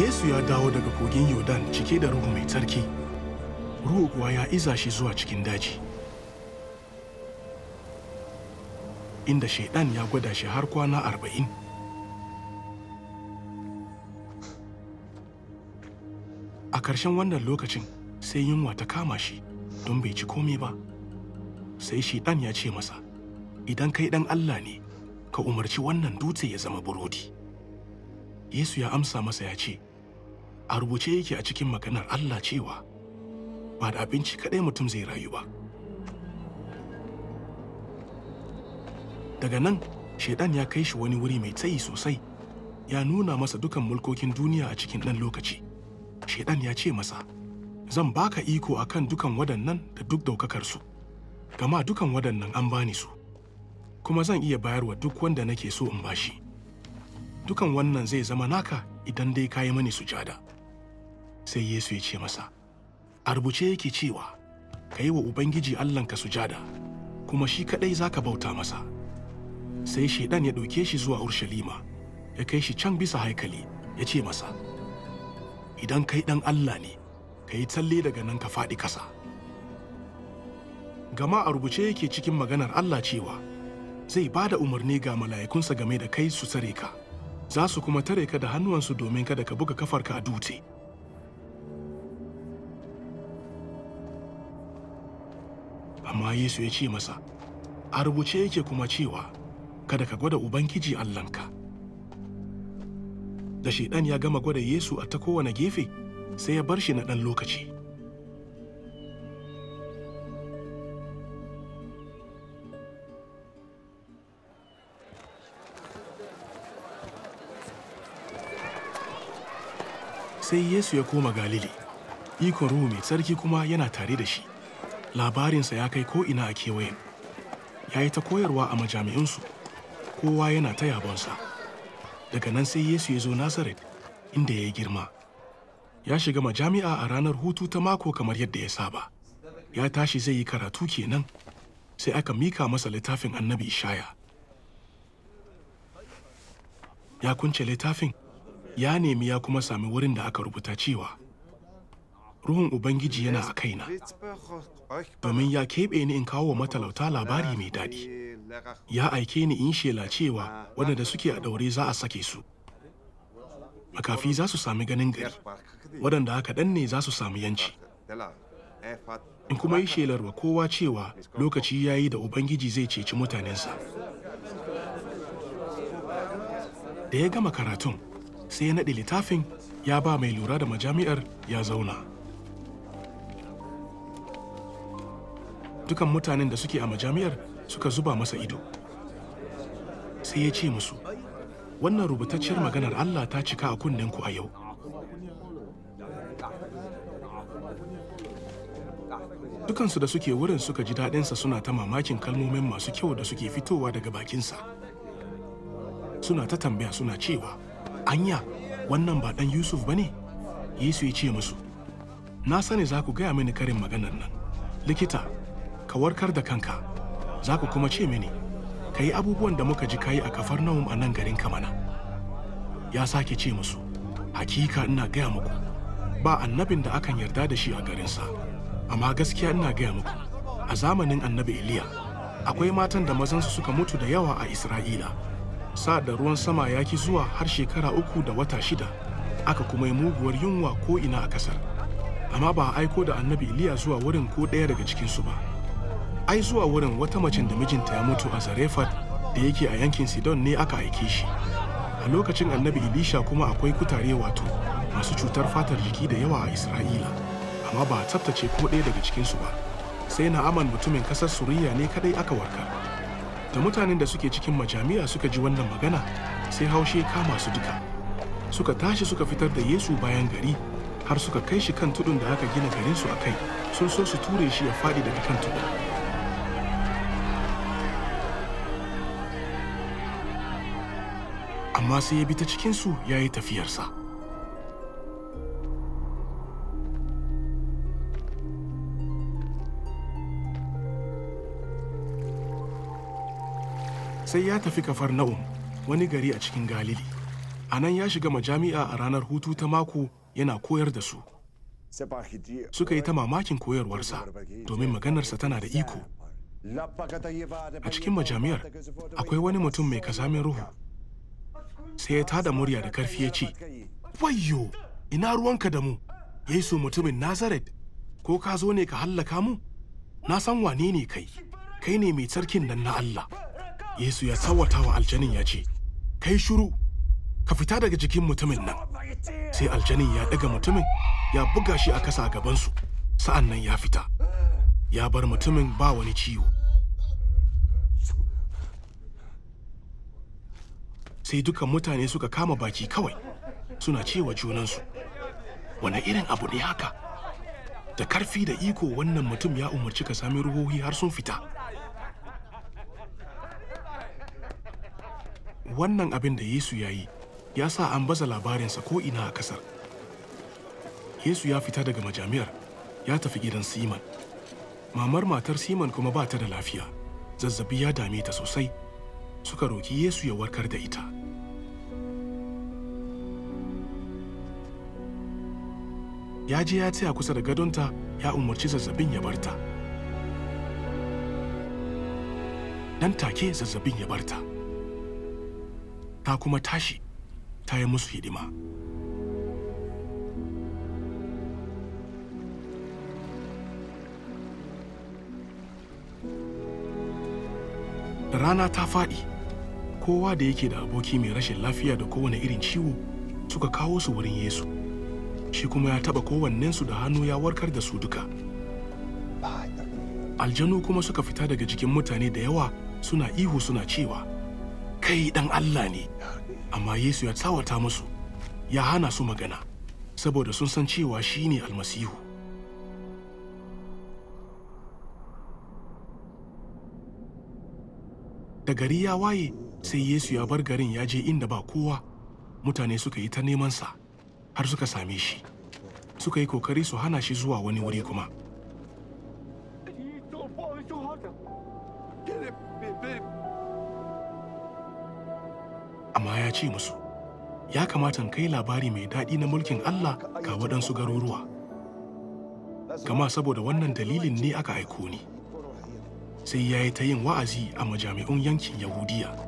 Yesu ya dawo daga kogin Yodan cike da Ruhu mai tsarki, Ruhu kuwa ya iza shi zuwa cikin daji. Inda Shaiɗan ya gwada shi har kwana arba'in. A ƙarshen wannan lokacin sai yunwa ta kama shi don bai ci komai ba. Sai Shaiɗan ya ce masa, Idan kai ɗan Allah ne, ka umarci wannan dutse ya zama burodi. Yesu ya amsa masa ya ce, a rubuce yake a cikin maganar Allah cewa ba da abinci kaɗai mutum zai rayu ba. Daga nan, Shaiɗan ya kai shi wani wuri mai tsayi sosai, ya nuna masa dukan mulkokin duniya a cikin ɗan lokaci. Shaiɗan ya ce masa, Zan baka iko a kan dukan waɗannan da duk daukakarsu, gama dukan waɗannan an bani su, kuma zan iya bayarwa duk wanda nake so in bashi. Dukan wannan zai zama naka idan dai ka yi mani sujada. sai Yesu ya ce masa, A rubuce yake cewa, ka yi wa Ubangiji Allahnka sujada, kuma shi kaɗai za ka bauta masa. Sai Shaiɗan ya ɗauke shi zuwa Urshalima, ya kai shi can bisa haikali, ya ce masa, Idan kai ɗan Allah ne, ka yi talle daga nan ka faɗi kasa. Gama a rubuce yake cikin maganar Allah cewa, zai ba da umarni ga mala'ikunsa game da kai su tsare ka, za su kuma tare ka da hannuwansu domin kada ka buga kafarka a dutse. Amma Yesu ya ce masa, a rubuce yake kuma cewa, kada ka gwada Ubangiji Allahnka. Da shaidan ya gama gwada Yesu a ta kowane gefe, sai ya bar shi na ɗan lokaci. Sai Yesu ya koma Galili, ikon Ruhu mai tsarki kuma yana tare da shi. labarinsa ya kai ko'ina a kewayen ya yi ta koyarwa a majami'insu kowa yana ta yabonsa daga nan sai yesu ya zo nazaret inda ya yi girma ya shiga majami'a a ranar hutu ta mako kamar yadda ya saba ya tashi zai yi karatu kenan sai aka mika masa littafin annabi ishaya ya kunce littafin ya nemi ya kuma sami wurin da aka rubuta cewa Ruhun Ubangiji yana a kaina, domin ya keɓe ni in kawo wa matalauta labari mai daɗi. Ya aike ni in shela cewa waɗanda suke a ɗaure za a sake su. Makafi za su sami ganin gari, waɗanda aka ɗan ne za su sami yanci. In kuma yi shelar wa kowa cewa lokaci ya yi da Ubangiji zai ceci mutanensa. Da ya gama karatun, sai ya naɗe littafin ya ba mai lura da majami'ar ya zauna. dukan mutanen da suke a majami'ar suka zuba masa ido sai ya ce musu wannan rubutacciyar maganar allah ta cika a kunnen ku a yau dukansu da suke wurin suka ji daɗinsa suna ta mamakin kalmomin masu kyau da suke fitowa daga bakinsa suna ta tambaya suna cewa anya wannan ba ɗan yusuf ba ne yesu ya ce musu na sani za ku gaya mini karin maganar nan likita ka warkar da kanka za ku kuma ce mini ka yi abubuwan da muka ji ka yi a kafar nahum a nan garin kamana ya sake ce musu hakika ina gaya muku ba annabin da akan yarda da shi a garinsa amma gaskiya ina gaya muku a zamanin annabi iliya akwai matan da mazansu suka mutu da yawa a isra'ila sa da ruwan sama ya ki zuwa har shekara uku da wata shida aka kuma yi muguwar yunwa ko ina a kasar amma ba a aiko da annabi iliya zuwa wurin ko ɗaya daga cikinsu ba ai zuwa wurin wata macen da mijinta ya mutu a zarefat da yake a yankin sidon ne aka aike shi a lokacin annabi ilisha kuma akwai kutare wato masu cutar fatar jiki da yawa a isra'ila amma ba a tsaftace ko ɗaya daga cikinsu ba sai na aman mutumin kasar suriya ne kadai aka warka da mutanen da suke cikin majami'a suka ji wannan magana sai haushe kama su duka suka tashi suka fitar da yesu bayan gari har suka kai shi kan tudun da aka gina garinsu a kai sun so su ture shi ya faɗi daga kan tudun amma sai ya bi ta cikinsu ya yi tafiyarsa sai ya tafi kafar na'um wani gari a cikin galili a nan ya shiga majami'a a ranar hutu ta mako yana koyar da su suka yi ta mamakin koyarwarsa domin maganarsa tana da iko a cikin majami'ar akwai wani mutum mai kasamin ruhu sai ya tada murya da karfi ya ce wayyo ina ruwanka da mu yesu mutumin nazaret ko ka zo ne ka hallaka mu na san wane ne kai kai ne mai tsarkin nan na allah yesu ya tsawata wa aljanin ya ce kai shuru ka fita daga jikin mutumin nan sai aljanin ya daga mutumin ya buga shi a kasa gabansu sa'an nan ya fita ya bar mutumin ba wani ciwo sai dukan mutane suka kama baki kawai suna cewa junansu wani irin abu ne haka da karfi da iko wannan mutum ya umarci ka sami ruhohi har sun fita wannan abin da yesu ya yi ya sa an baza labarinsa ina a kasar yesu ya fita daga majami'ar ya tafi gidan siman mamar matar siman kuma ba ta da lafiya zazzabi ya dame ta sosai suka roki yesu ya warkar da ita ya je ya tsaya kusa da gadonta ya umarci zazzabin ya barta nan take zazzabin ya barta ta kuma tashi ta yi musu hidima rana ta faɗi kowa da yake da aboki mai rashin lafiya da kowane irin ciwo suka kawo su wurin yesu shi kuma ya taɓa kowannensu da hannu ya warkar da su duka aljanu kuma suka fita daga jikin mutane da yawa suna ihu suna cewa kai ɗan allah ne amma yesu ya tsawata musu ya hana su magana saboda sun san cewa shi ne almasihu da gari ya waye sai yesu ya bar garin ya je inda ba kowa mutane suka yi ta neman sa har suka same shi suka yi kokari su hana shi zuwa wani wuri kuma amma ya ce musu ya kamata kai labari mai daɗi na mulkin Allah ga waɗansu garuruwa Kama saboda wannan dalilin ne aka aiko ni sai ya yi ta yin wa'azi a majami'un yankin yahudiya